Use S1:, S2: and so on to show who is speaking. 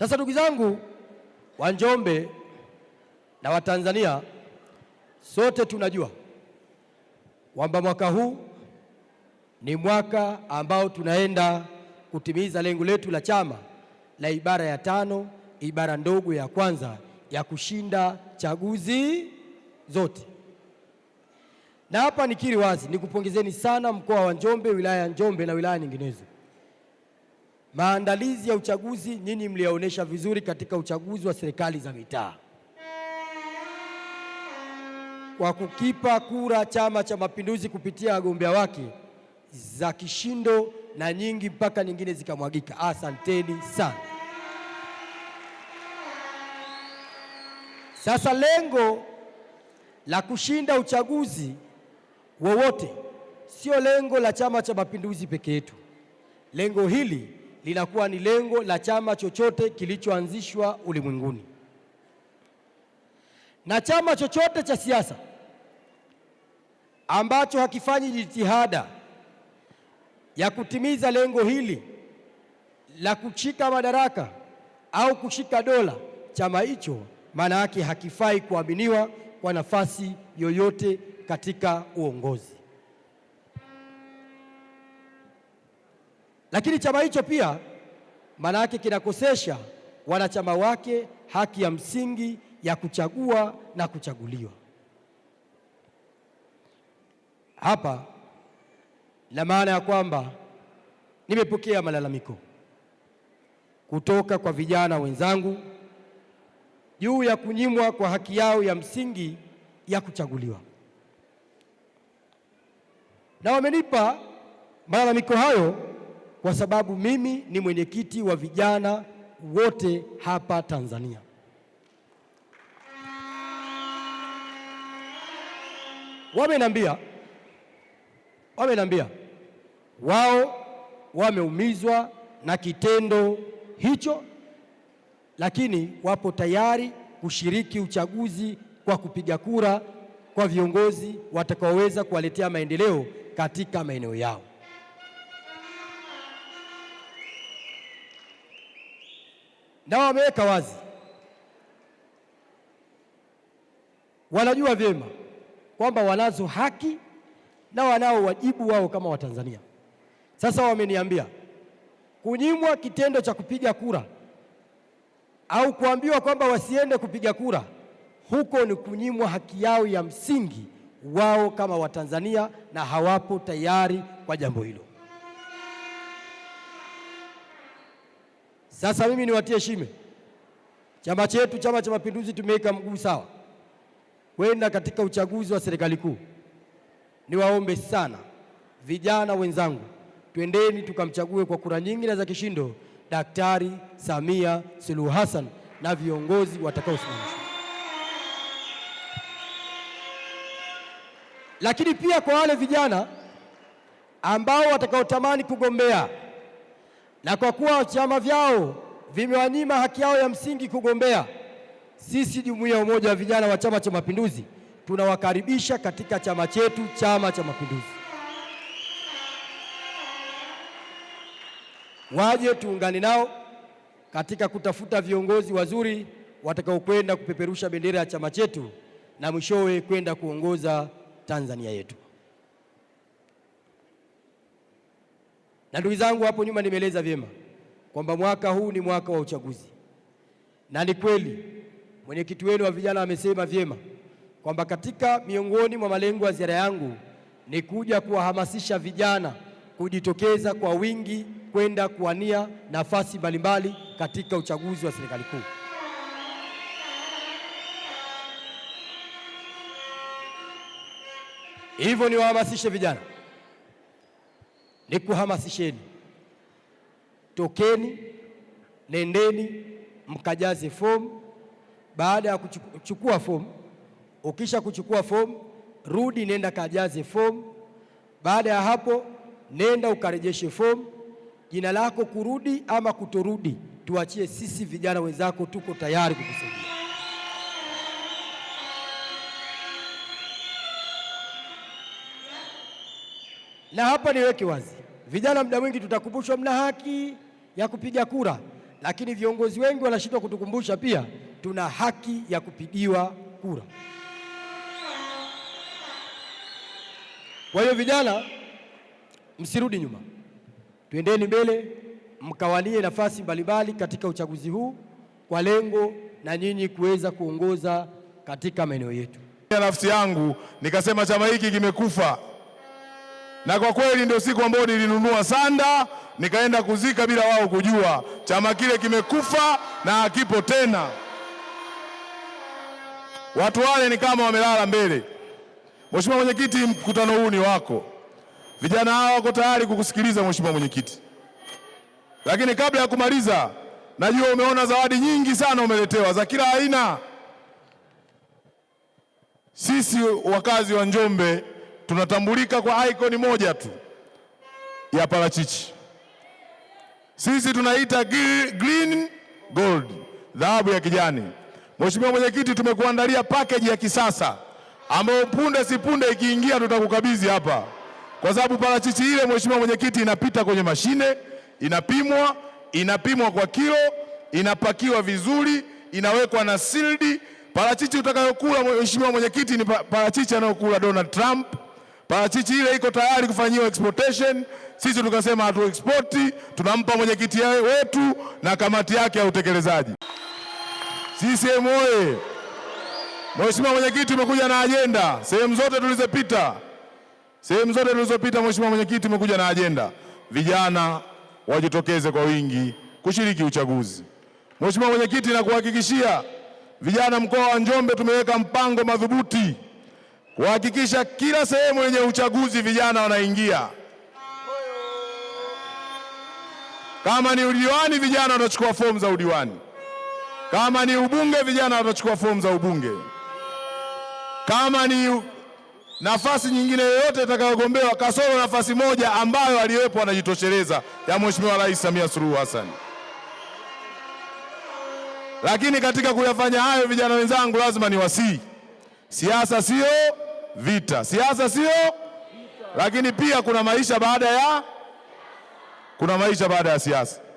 S1: Sasa ndugu zangu wa Njombe na Watanzania, sote tunajua kwamba mwaka huu ni mwaka ambao tunaenda kutimiza lengo letu la chama la ibara ya tano ibara ndogo ya kwanza ya kushinda chaguzi zote. Na hapa nikiri wazi nikupongezeni sana mkoa wa Njombe, wilaya ya Njombe na wilaya nyinginezo Maandalizi ya uchaguzi nyinyi mliyaonesha vizuri katika uchaguzi wa serikali za mitaa kwa kukipa kura Chama cha Mapinduzi kupitia wagombea wake za kishindo na nyingi mpaka nyingine zikamwagika. Asanteni sana. Sasa lengo la kushinda uchaguzi wowote sio lengo la Chama cha Mapinduzi peke yetu. Lengo hili linakuwa ni lengo la chama chochote kilichoanzishwa ulimwenguni, na chama chochote cha siasa ambacho hakifanyi jitihada ya kutimiza lengo hili la kushika madaraka au kushika dola, chama hicho maana yake hakifai kuaminiwa kwa nafasi yoyote katika uongozi. Lakini chama hicho pia maana yake kinakosesha wanachama wake haki ya msingi ya kuchagua na kuchaguliwa. Hapa na maana ya kwamba nimepokea malalamiko kutoka kwa vijana wenzangu juu ya kunyimwa kwa haki yao ya msingi ya kuchaguliwa, na wamenipa malalamiko hayo kwa sababu mimi ni mwenyekiti wa vijana wote hapa Tanzania. Wamenambia, wamenambia wao wameumizwa na kitendo hicho, lakini wapo tayari kushiriki uchaguzi kwa kupiga kura kwa viongozi watakaoweza kuwaletea maendeleo katika maeneo yao. na wameweka wazi, wanajua vyema kwamba wanazo haki na wanao wajibu wao kama Watanzania. Sasa wameniambia kunyimwa kitendo cha kupiga kura au kuambiwa kwamba wasiende kupiga kura, huko ni kunyimwa haki yao ya msingi wao kama Watanzania, na hawapo tayari kwa jambo hilo. Sasa mimi niwatie shime, chama chetu Chama cha Mapinduzi tumeweka mguu sawa kwenda katika uchaguzi wa serikali kuu. Niwaombe sana vijana wenzangu, twendeni tukamchague kwa kura nyingi na za kishindo Daktari Samia Suluhu Hassan na viongozi watakaosimamishwa. Lakini pia kwa wale vijana ambao watakaotamani kugombea na kwa kuwa vyama vyao vimewanyima haki yao ya msingi kugombea, sisi jumuiya ya umoja wa vijana wa Chama cha Mapinduzi tunawakaribisha katika chama chetu, Chama cha Mapinduzi. Waje tuungane nao katika kutafuta viongozi wazuri watakaokwenda kupeperusha bendera ya chama chetu na mwishowe kwenda kuongoza Tanzania yetu. Na ndugu zangu, hapo nyuma nimeeleza vyema kwamba mwaka huu ni mwaka wa uchaguzi, na ni kweli mwenyekiti wenu wa vijana amesema vyema kwamba katika miongoni mwa malengo ya ziara yangu ni kuja kuwahamasisha vijana kujitokeza kwa wingi kwenda kuwania nafasi mbalimbali katika uchaguzi wa serikali kuu. Hivyo niwahamasishe vijana Nikuhamasisheni, tokeni, nendeni mkajaze fomu. Baada ya kuchukua fomu, ukisha kuchukua fomu, rudi nenda kajaze fomu. Baada ya hapo, nenda ukarejeshe fomu. Jina lako kurudi ama kutorudi, tuachie sisi vijana wenzako, tuko tayari kukusaidia. Na hapa niweke wazi Vijana muda mwingi tutakumbushwa, mna haki ya kupiga kura, lakini viongozi wengi wanashindwa kutukumbusha pia tuna haki ya kupigiwa kura. Kwa hiyo vijana, msirudi nyuma, twendeni mbele, mkawanie nafasi mbalimbali katika uchaguzi huu kwa lengo na nyinyi kuweza kuongoza katika maeneo yetu.
S2: Nafsi yangu nikasema chama hiki kimekufa na kwa kweli ndio siku ambayo nilinunua sanda nikaenda kuzika bila wao kujua. Chama kile kimekufa na hakipo tena. Watu wale ni kama wamelala mbele. Mheshimiwa Mwenyekiti, mkutano huu ni wako. Vijana hao wako tayari kukusikiliza Mheshimiwa Mwenyekiti, lakini kabla ya kumaliza, najua umeona zawadi nyingi sana umeletewa za kila aina. Sisi wakazi wa Njombe tunatambulika kwa icon moja tu ya parachichi. Sisi tunaita green gold, dhahabu ya kijani. Mheshimiwa Mwenyekiti, tumekuandalia package ya kisasa ambayo punde si punde ikiingia tutakukabidhi hapa, kwa sababu parachichi ile, Mheshimiwa Mwenyekiti, inapita kwenye mashine, inapimwa, inapimwa kwa kilo, inapakiwa vizuri, inawekwa na sildi. Parachichi utakayokula Mheshimiwa Mwenyekiti ni parachichi anayokula Donald Trump Parachichi ile iko tayari kufanyiwa exportation. Sisi tukasema hatu export, tunampa mwenyekiti wetu na kamati yake ya utekelezaji. CCM oye! Mheshimiwa mwenyekiti, umekuja na ajenda sehemu zote tulizopita, sehemu zote tulizopita. Mheshimiwa mwenyekiti, umekuja na ajenda, vijana wajitokeze kwa wingi kushiriki uchaguzi. Mheshimiwa mwenyekiti, nakuhakikishia vijana mkoa wa Njombe tumeweka mpango madhubuti kuhakikisha kila sehemu yenye uchaguzi vijana wanaingia. Kama ni udiwani, vijana wanachukua fomu za udiwani. Kama ni ubunge, vijana wanachukua fomu za ubunge. Kama ni nafasi nyingine yoyote itakayogombewa kasoro nafasi moja ambayo aliyepo anajitosheleza ya Mheshimiwa Rais Samia Suluhu Hassan. Lakini katika kuyafanya hayo, vijana wenzangu, lazima niwasihi Siasa sio vita, siasa sio, lakini pia kuna maisha baada ya, kuna maisha baada ya siasa.